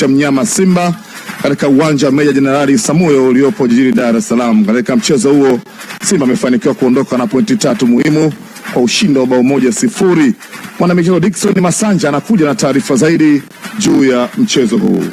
cha mnyama Simba katika uwanja wa Meja Jenerali Samuyo uliopo jijini Dar es Salaam. Katika mchezo huo Simba amefanikiwa kuondoka na pointi tatu muhimu kwa ushindi wa bao moja sifuri. Mwanamichezo Dickson Masanja anakuja na taarifa zaidi juu ya mchezo huu.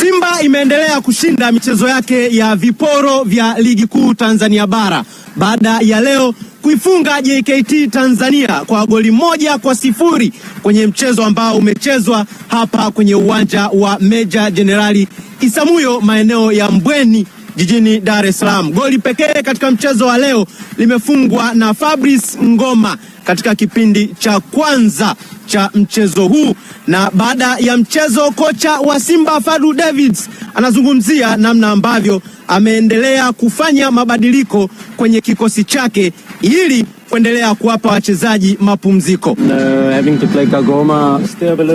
Simba imeendelea kushinda michezo yake ya viporo vya ligi kuu Tanzania bara baada ya leo kuifunga JKT Tanzania kwa goli moja kwa sifuri kwenye mchezo ambao umechezwa hapa kwenye uwanja wa Meja Jenerali Isamuyo maeneo ya Mbweni jijini Dar es Salaam. Goli pekee katika mchezo wa leo limefungwa na Fabrice Ngoma katika kipindi cha kwanza cha mchezo huu. Na baada ya mchezo, kocha wa Simba fadu Davids anazungumzia namna ambavyo ameendelea kufanya mabadiliko kwenye kikosi chake ili kuendelea kuwapa wachezaji mapumziko. Uh,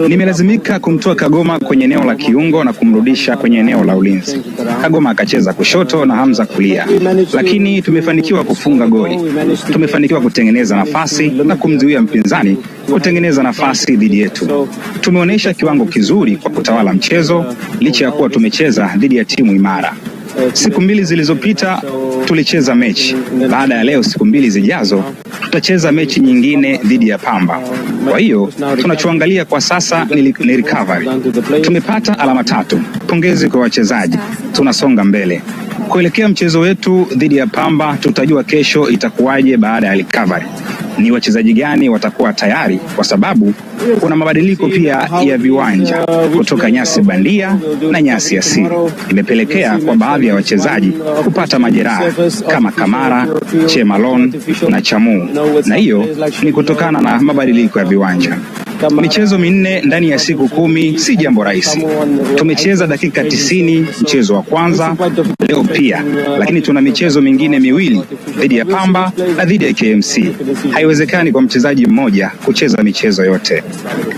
Nimelazimika kumtoa Kagoma kwenye eneo la kiungo na kumrudisha kwenye eneo la ulinzi. Kagoma akacheza kushoto na Hamza kulia, lakini tumefanikiwa kufunga goli. Tumefanikiwa kutengeneza nafasi na kumzuia mpinzani kutengeneza nafasi dhidi yetu. Tumeonyesha kiwango kizuri kwa kutawala mchezo licha ya kuwa tumecheza dhidi ya timu imara. Siku mbili zilizopita tulicheza mechi. Baada ya leo, siku mbili zijazo tutacheza mechi nyingine dhidi ya Pamba. Kwa hiyo tunachoangalia kwa sasa ni recovery. Tumepata alama tatu, pongezi kwa wachezaji. Tunasonga mbele kuelekea mchezo wetu dhidi ya Pamba. Tutajua kesho itakuwaje baada ya recovery ni wachezaji gani watakuwa tayari, kwa sababu kuna mabadiliko pia ya viwanja kutoka nyasi bandia na nyasi asili. Imepelekea kwa baadhi ya wachezaji kupata majeraha kama Kamara, Chemalon na Chamu, na hiyo ni kutokana na mabadiliko ya viwanja. Michezo minne ndani ya siku kumi si jambo rahisi. Tumecheza dakika tisini mchezo wa kwanza leo pia, lakini tuna michezo mingine miwili dhidi ya Pamba na dhidi ya KMC. Haiwezekani kwa mchezaji mmoja kucheza michezo yote.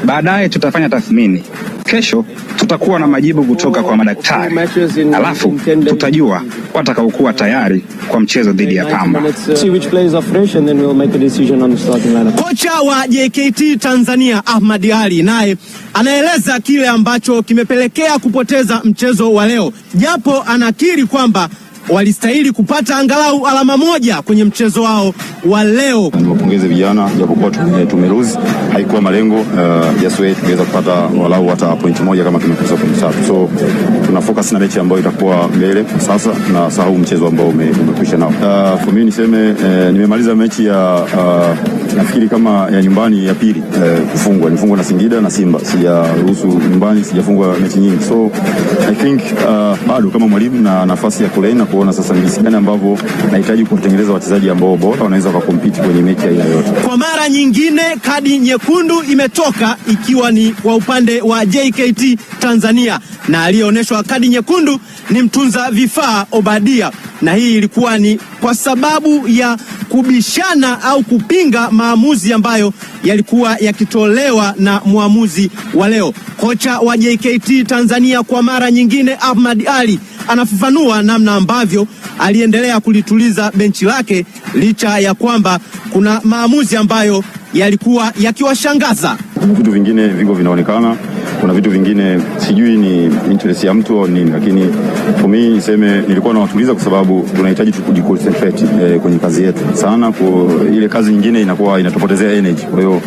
Baadaye tutafanya tathmini. Kesho tutakuwa na majibu kutoka kwa madaktari, alafu tutajua watakaokuwa tayari kwa mchezo dhidi ya Pamba. Kocha wa JKT Tanzania Ahmad ali naye anaeleza kile ambacho kimepelekea kupoteza mchezo wa leo, japo anakiri kwamba walistahili kupata angalau alama moja kwenye mchezo wao wa leo. Niwapongeze vijana, japokuwa tumeruzi, haikuwa malengo uh, ya Suez tuweza kupata walau hata point moja kama kimekosa point tatu. So tuna focus na mechi ambayo itakuwa mbele sasa, na sahau mchezo ambao umekwisha nao. Uh, for me niseme, uh, nimemaliza mechi ya uh, nafikiri kama ya nyumbani ya pili uh, kufungwa, nifungwa na Singida na Simba, sijaruhusu nyumbani, sijafungwa mechi nyingi, so I think uh, bado kama mwalimu na nafasi ya kulea na ku kuona sasa ni jinsi gani ambavyo nahitaji kutengeneza wachezaji ambao bora wanaweza wakakompiti kwenye mechi ya aina yote. Kwa mara nyingine kadi nyekundu imetoka ikiwa ni kwa upande wa JKT Tanzania, na aliyeonyeshwa kadi nyekundu ni mtunza vifaa Obadia, na hii ilikuwa ni kwa sababu ya kubishana au kupinga maamuzi ambayo yalikuwa yakitolewa na mwamuzi wa leo. Kocha wa JKT Tanzania kwa mara nyingine Ahmad Ali anafafanua namna ambavyo aliendelea kulituliza benchi lake licha ya kwamba kuna maamuzi ambayo yalikuwa yakiwashangaza. Vitu vingine viko vinaonekana kuna vitu vingine sijui ni interest ya mtu au nini, lakini for me niseme nilikuwa nawatuliza kwa sababu tunahitaji tukujiconcentrate eh, kwenye kazi yetu sana, kwa ile kazi nyingine inakuwa inatupotezea energy. Kwa hiyo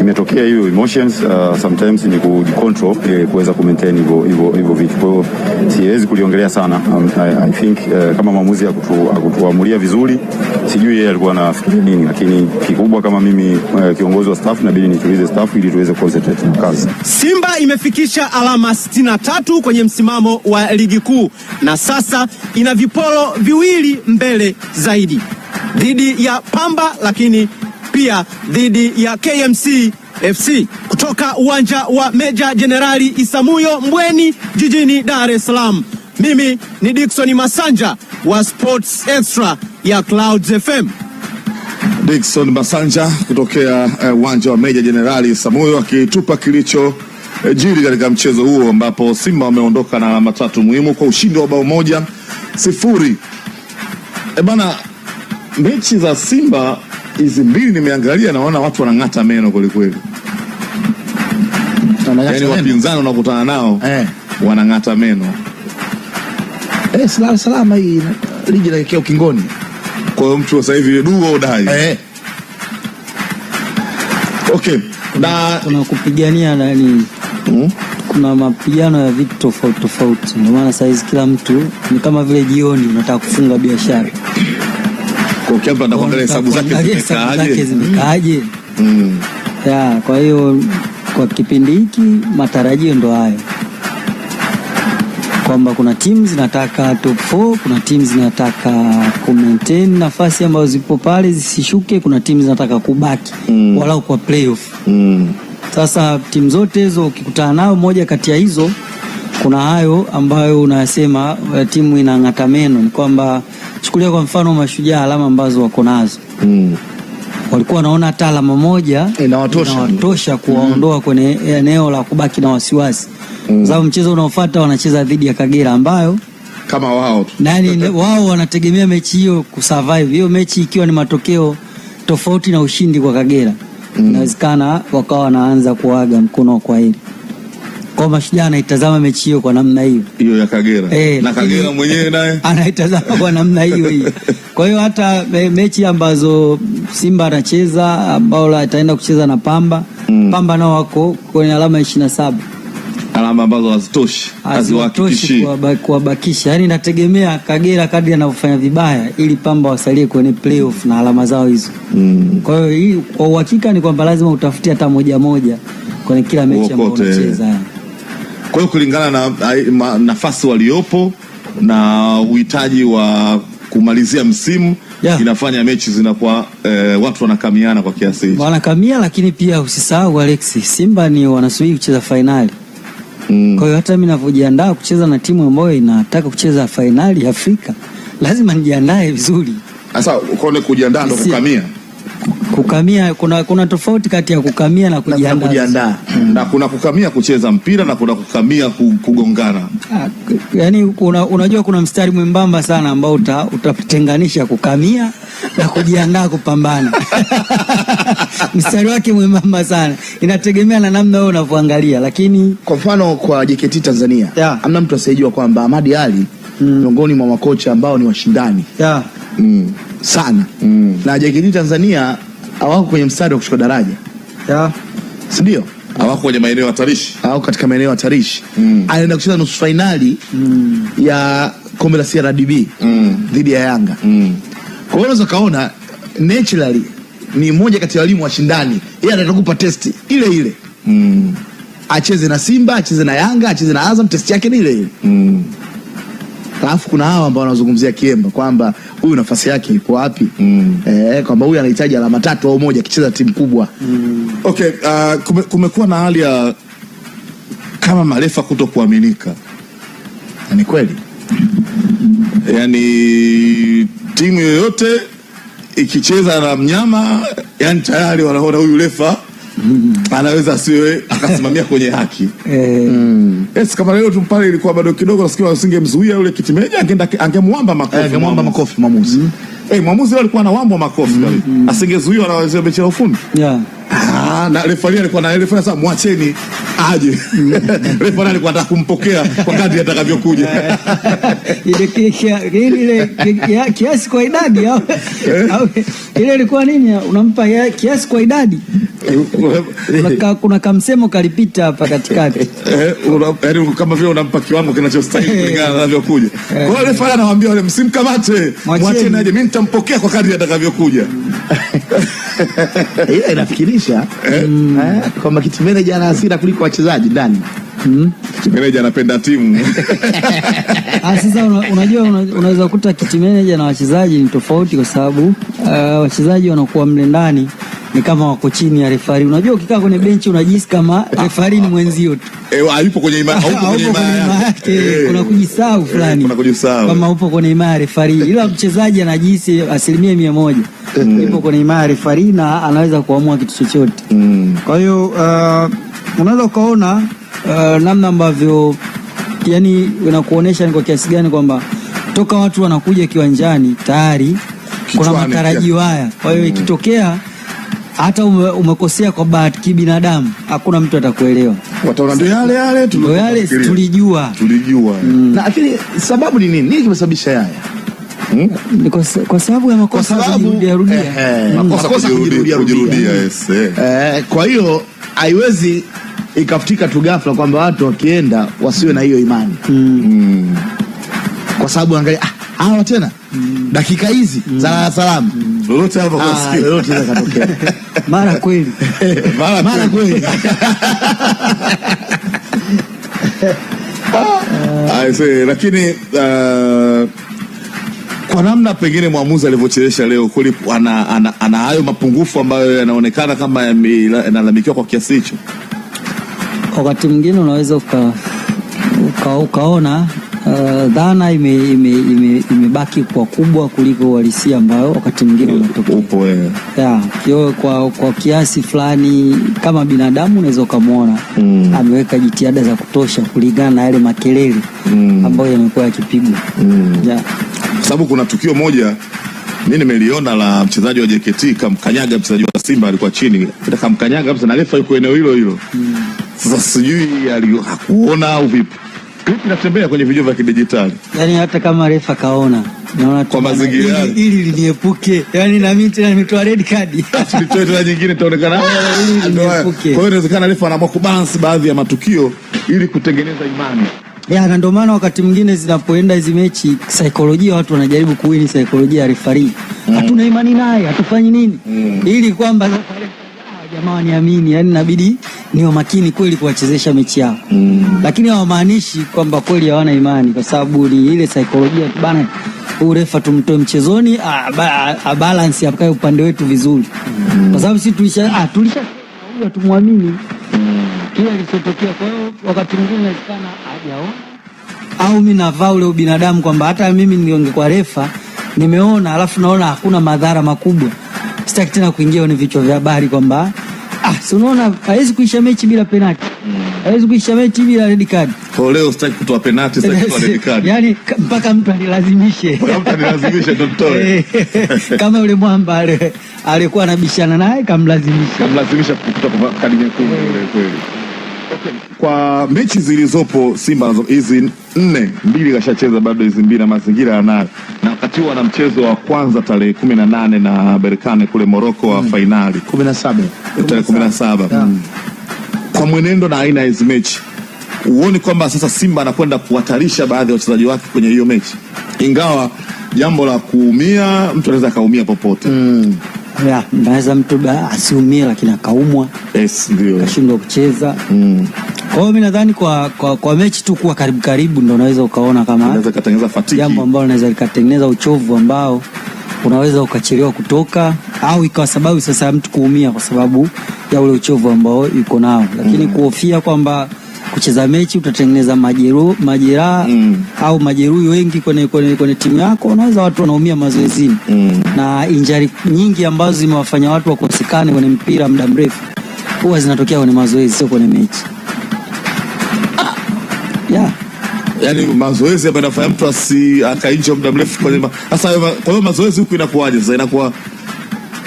imetokea hiyo emotions uh, sometimes ni kujicontrol eh, kuweza kumaintain hivyo hivyo hivyo vitu. Kwa hiyo siwezi kuliongelea sana um, I, I think uh, kama maamuzi ya kutu, kutuamulia vizuri, sijui yeye alikuwa anafikiria nini, lakini kikubwa kama mimi uh, kiongozi wa staff nabidi nitulize staff ili tuweze concentrate na kazi Simba ime imefikisha alama 63 kwenye msimamo wa ligi kuu na sasa ina viporo viwili mbele zaidi dhidi ya Pamba, lakini pia dhidi ya KMC FC kutoka uwanja wa Meja Jenerali Isamuyo Mbweni jijini Dar es Salaam. Mimi ni Dickson Masanja wa Sports Extra ya Clouds FM. Dickson Masanja kutokea eh, uwanja uh, wa Meja Jenerali Isamuyo akitupa kilicho Eh, jiri katika mchezo huo ambapo Simba wameondoka na alama tatu muhimu kwa ushindi wa bao moja sifuri. E bana, mechi za Simba hizi mbili nimeangalia, naona watu wanang'ata meno kwelikweli, yaani wapinzani unakutana nao eh, wanang'ata meno eh, salama salama, hii ligi inaelekea ukingoni. Kwa hiyo mtu sasa hivi duo udai eh. Okay. Na tunakupigania nani Hmm? Kuna mapigano ya vitu tofauti tofauti, ndio maana saizi kila mtu ni kama vile jioni unataka kufunga biashara, kila hesabu zake zimekaaje. Hmm. Hmm. Ya, kwa hiyo kwa kipindi hiki matarajio ndo hayo kwamba kuna timu zinataka top 4, kuna timu zinataka ku maintain nafasi ambazo zipo pale zisishuke, kuna timu zinataka kubaki mm. walau kwa playoff mm. Sasa timu zote hizo ukikutana nayo, moja kati ya hizo, kuna hayo ambayo unayasema eh, timu inang'ata meno, ni kwamba chukulia kwa mfano Mashujaa, alama ambazo wako nazo mm. walikuwa wanaona hata alama moja inawatosha kuwaondoa mm. kwenye eneo la kubaki na wasiwasi mm. sababu mchezo unaofuata wanacheza dhidi ya Kagera ambayo kama wao nani wao wanategemea mechi hiyo kusurvive, hiyo mechi ikiwa ni matokeo tofauti na ushindi kwa Kagera inawezekana wakawa wanaanza kuaga mkono wa kwaheri kwa mashujaa anaitazama mechi hiyo kwa namna hiyo hiyo ya Kagera e, na Kagera mwenyewe naye anaitazama kwa namna hiyo hiyo. Kwa hiyo hata mechi ambazo Simba anacheza ambao ataenda kucheza na Pamba mm. Pamba nao wako kwenye alama ishirini na saba alama ambazo hazitoshi haziwahakikishii kuwabakisha. Yani nategemea Kagera kadri anavyofanya vibaya, ili Pamba wasalie kwenye playoff na alama zao hizo mm. Kwa hiyo hii kwa uhakika ni kwamba lazima utafutie hata moja moja kwenye kila mechi ambayo unacheza. Kwa hiyo kulingana na nafasi waliopo na uhitaji wa kumalizia msimu yeah, inafanya mechi zinakuwa e, watu wanakamiana kwa kiasi hicho, wanakamia. Lakini pia usisahau Alexi, Simba ni wanasubiri kucheza fainali. Mm. Kwa hiyo hata mimi ninavyojiandaa kucheza na timu ambayo inataka kucheza fainali Afrika, lazima nijiandae vizuri. Sasa ukaone kujiandaa ndo kukamia. Kukamia kuna, kuna tofauti kati ya kukamia na kujiandaa. Na Hmm. Na kuna kukamia kucheza mpira na kuna kukamia kugongana. Yaani unajua kuna mstari mwembamba sana ambao utatenganisha kukamia na kujiandaa kupambana. mstari wake mwembamba sana, inategemea na namna wewe unavyoangalia, lakini kwa mfano kwa JKT Tanzania yeah. amna mtu asiyejua kwamba Ahmadi Ali mm. miongoni mm. mwa makocha ambao ni washindani yeah. mm. sana mm. na JKT Tanzania hawako kwenye mstari wa kushuka daraja yeah. si ndio? hawako kwenye maeneo hatarishi, hawako katika maeneo hatarishi mm. anaenda kucheza nusu fainali mm. ya kombe la CRDB mm. dhidi ya Yanga mm. Kwa hiyo unaweza kaona naturally ni mmoja kati ya walimu washindani, yeye atakupa testi ile ile mm. Acheze na Simba, acheze na Yanga, acheze na Azam, testi yake ni ile ile mm. Alafu kuna hawa ambao wanazungumzia Kiemba kwamba huyu nafasi yake iko wapi? mm. Eh, kwamba huyu anahitaji alama tatu au moja akicheza timu kubwa mm. Okay, uh, kume, kumekuwa na hali ya kama marefa kuto kuaminika. Ni kweli yani timu yoyote ikicheza na mnyama, yani tayari wanaona huyu refa Mm. Anaweza siwe akasimamia kwenye haki eh. mm. Yes, kama leo tu pale ilikuwa bado kidogo, nasikia wasingemzuia yule kitimeja, angeenda angemwamba makofi, eh, angemwamba makofi mwamuzi. Mm. Eh, mwamuzi alikuwa anawamba makofi, mm. asingezuiwa na wazee wa mechi ya ufundi. Yeah. Ah, Ah, na refari alikuwa na refari sasa, mwacheni aje. Mm. Refari alikuwa anataka kumpokea kwa kadri atakavyokuja. Ile ile kiasi kwa idadi eh? au ile ilikuwa nini? Unampa kiasi kwa idadi. Kuna kuna kamsemo kalipita hapa katikati. Yaani kama vile unampa kiwango kinachostahili kulingana na anavyokuja. Eh. Kwa hiyo refari anawaambia wale, msimkamate, mwacheni aje, mimi nitampokea kwa kadri atakavyokuja. Ile inafikirisha kwa Eh? eh? kiti meneja ana hasira kuliko wachezaji ndani hmm? Kiti meneja anapenda timu. Ah, sasa unajua, unaweza kukuta kiti meneja na wachezaji ni tofauti, kwa sababu uh, wachezaji wanakuwa mle ndani ni kama wako chini ya refari. Unajua, ukikaa kwenye benchi unajisi kama refari ni mwenzio tu, hayupo eh, kwenye ima yake, kuna kujisahau fulani, kama upo kwenye ima ya refari, ila mchezaji anajisi asilimia mia moja. Mm. ipo kwenye maarifa na anaweza kuamua kitu chochote mm. Kwa hiyo uh, unaweza ukaona uh, namna ambavyo yani inakuonesha ni kwa kiasi gani kwamba toka watu wanakuja kiwanjani tayari kuna matarajio haya. Kwa hiyo mm. ikitokea hata ume, umekosea kwa bahati kibinadamu, hakuna mtu atakuelewa, wataona ndio yale yale tulijua, tulijua. Mm. Na sababu ni nini? Nini kimesababisha haya? Hmm? Kwa sababu ya makosa kujirudia rudia. Eh, eh, hmm. Makosa kujirudia rudia. Eh. kwa hiyo haiwezi ikafutika tu ghafla kwamba watu wakienda wasiwe na hiyo imani hmm. hmm. Kwa sababu angalia ah, hawa tena mm. dakika hizi mm. za salamu hmm. lolote hapo kwa ah, sikio lolote zakatokea mara kweli mara kweli ah, lakini uh, kwa namna pengine mwamuzi alivyochelesha leo, kuli ana, ana, ana hayo mapungufu ambayo yanaonekana kama yanalalamikiwa kwa kiasi hicho. Wakati mwingine unaweza uka, uka, ukaona uh, dhana imebaki ime, ime, ime kwa kubwa kuliko uhalisia ambayo wakati mwingine unatokea upo yeah. kwa, kwa kiasi fulani kama binadamu unaweza ukamwona mm. ameweka jitihada za kutosha kulingana na yale makelele mm. ambayo yamekuwa yakipigwa mm. yeah sababu kuna tukio moja mi nimeliona la mchezaji wa JKT kamkanyaga mchezaji wa Simba alikuwa chini, kamkanyaga kabisa, na refa yuko eneo hilo hilo. Sasa sijui hakuona au vipi, vipi natembea kwenye video vya kidijitali, yani hata kama refa kaona naona kwa mazingira ili liniepuke, yani na mimi tena nimetoa red card, nitoe tena nyingine itaonekana. Kwa hiyo inawezekana refa anaamua kubalance baadhi ya matukio ili kutengeneza imani ya na ndio maana wakati mwingine zinapoenda hizi mechi saikolojia, watu wanajaribu kuwini saikolojia ya refari mm. hatuna imani naye, hatufanyi nini mm. ili kwamba jamaa waniamini, yani inabidi niwe makini kweli kuwachezesha mechi yao mm. lakini hawamaanishi kwamba kweli hawana imani, kwa sababu ni ile saikolojia bana, huyu refa tumtoe mchezoni a balance akae upande wetu vizuri mm. kwa sababu sisi tulisha ah, tulisha tumwamini kile kilichotokea. Kwa hiyo wakati mwingine inawezekana hajaona au mi navaa ule ubinadamu kwamba hata mimi ningekuwa refa nimeona, alafu naona hakuna madhara makubwa, sitaki tena kuingia kwenye vichwa vya habari kwamba ah, si unaona hawezi kuisha mechi bila penalti, mm. hawezi kuisha mechi bila red card. Kwa leo sitaki kutoa penalti, sitaki kutoa red card, Yaani mpaka mtu anilazimishe, mpaka mtu anilazimishe ndo kama yule mwamba ale alikuwa anabishana naye, kamlazimisha kamlazimisha kwa kadi nyekundu. ile kweli. Kwa mechi zilizopo Simba hizi nne, mbili kashacheza bado hizi mbili na mazingira yanayo, na wakati huo ana mchezo wa kwanza tarehe kumi na nane na Berkane kule Moroko wa mm. fainali kumi na saba tarehe kumi na saba yeah. mm. kwa mwenendo na aina ya hizi mechi huoni kwamba sasa Simba anakwenda kuhatarisha baadhi ya wachezaji wake kwenye hiyo mechi, ingawa jambo la kuumia mtu anaweza akaumia popote mm naweza mtu asiumie lakini akaumwa yes, kucheza mm. Kwa hiyo mi nadhani kwa, kwa, kwa mechi tu kuwa karibu karibu ndo unaweza ukaona kama jambo ambalo linaweza likatengeneza uchovu ambao unaweza ukachelewa kutoka au ikawa sababu sasa mtu kuumia kwa sababu ya ule uchovu ambao yuko nao, lakini mm. kuhofia kwamba kucheza mechi utatengeneza majeraha mm. au majeruhi wengi kwenye, kwenye, kwenye timu yako, unaweza watu wanaumia mazoezini mm na injari nyingi ambazo zimewafanya watu wakosekane kwenye mpira muda mrefu huwa zinatokea kwenye mazoezi, sio kwenye mechi. Ah, yeah. Yaani mazoezi hapa inafanya mtu asi akainja muda mrefu kwenye sasa. Kwa hiyo mazoezi huku inakuwaje sasa? Inakuwa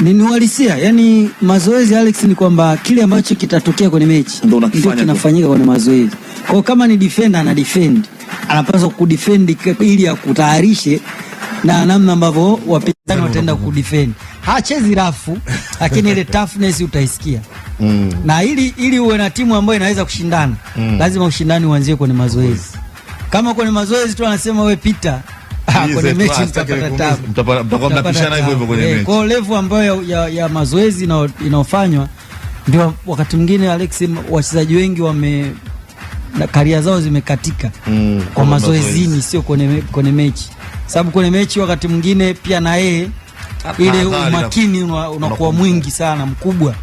nini uhalisia. Yaani mazoezi Alex, ni kwamba kile ambacho kitatokea kwenye mechi ndio kinafanyika kwenye mazoezi. Kwa kama ni defender ana defend, anapaswa kudefend ili akutayarishe na namna ambavyo wapinzani wataenda kudefend. Hachezi rafu, lakini ile toughness utaisikia. Mm. Na ili ili uwe na timu ambayo inaweza kushindana, mm. lazima ushindani uanzie kwenye mazoezi. Kama kwenye mazoezi tu anasema we pita kwenye mechi mtapata tabu, mtakuwa mnapishana hivyo hivyo kwenye eh, mechi. Kwa level ambayo ya, ya, ya mazoezi inayofanywa ndio wakati mwingine Alex, wachezaji wengi wame karia zao zimekatika mm, kwa mazoezini, sio kwenye kwenye mechi sababu kwenye mechi wakati mwingine pia na yeye ile umakini unakuwa mwingi sana mkubwa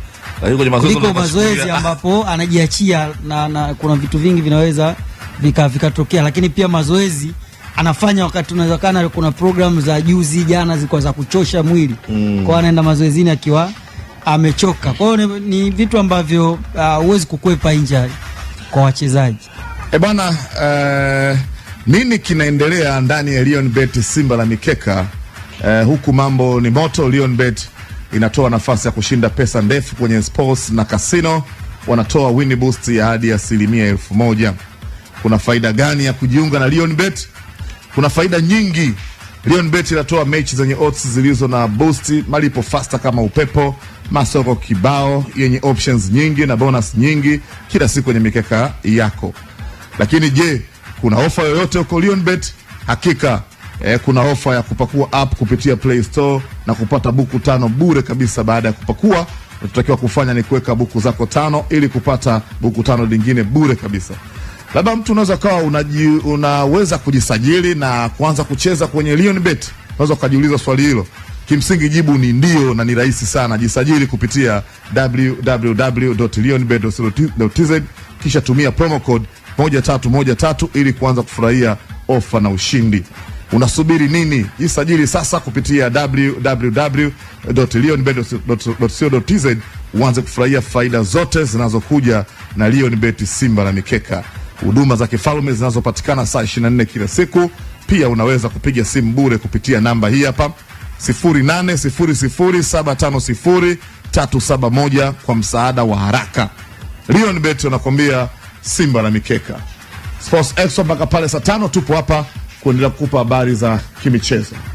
kuliko mazoezi ambapo anajiachia na, na kuna vitu vingi vinaweza vikatokea, lakini pia mazoezi anafanya wakati unawezekana, kuna programu za juzi jana zilikuwa za kuchosha mwili mm. Kwao anaenda mazoezini akiwa amechoka. kwao ni, ni vitu ambavyo uh, huwezi uh, kukwepa injury kwa wachezaji. E eh, bana uh... Eh, nini kinaendelea ndani ya Bet Simba la Mikeka? Eh, huku mambo ni moto. Bet inatoa nafasi ya kushinda pesa ndefu kwenye sports na kasino, wanatoa win boost ya hadi asilimia elfu moja. Kuna faida gani ya kujiunga na Bet? Kuna faida nyingi. Bet inatoa mechi zenye odds zilizo na boost, malipo fasta kama upepo, masoko kibao yenye options nyingi na bonus nyingi kila siku kwenye mikeka yako. Lakini je, kuna ofa yoyote huko Lionbet? Hakika eh, kuna ofa ya kupakua app kupitia Play Store na kupata buku tano bure kabisa. Baada ya kupakua, unatakiwa kufanya ni kuweka buku zako tano ili kupata buku tano lingine bure kabisa. Labda mtu unaweza kawa unaji, unaweza kujisajili na kuanza kucheza kwenye Lionbet. Unaweza ukajiuliza swali hilo. Kimsingi jibu ni ndio na ni rahisi sana. Jisajili kupitia www.lionbet.co.tz kisha tumia promo code moja tatu moja tatu ili kuanza kufurahia ofa na ushindi. Unasubiri nini? Jisajili sasa kupitia www.lionbet.co.tz uanze kufurahia faida zote zinazokuja na Lionbet Simba na Mikeka, huduma za kifalme zinazopatikana saa 24 kila siku. Pia unaweza kupiga simu bure kupitia namba hii hapa 0800750371 kwa msaada wa haraka. Lionbet anakuambia Simba na Mikeka. Sports Extra mpaka pale saa tano tupo hapa kuendelea kukupa habari za kimichezo.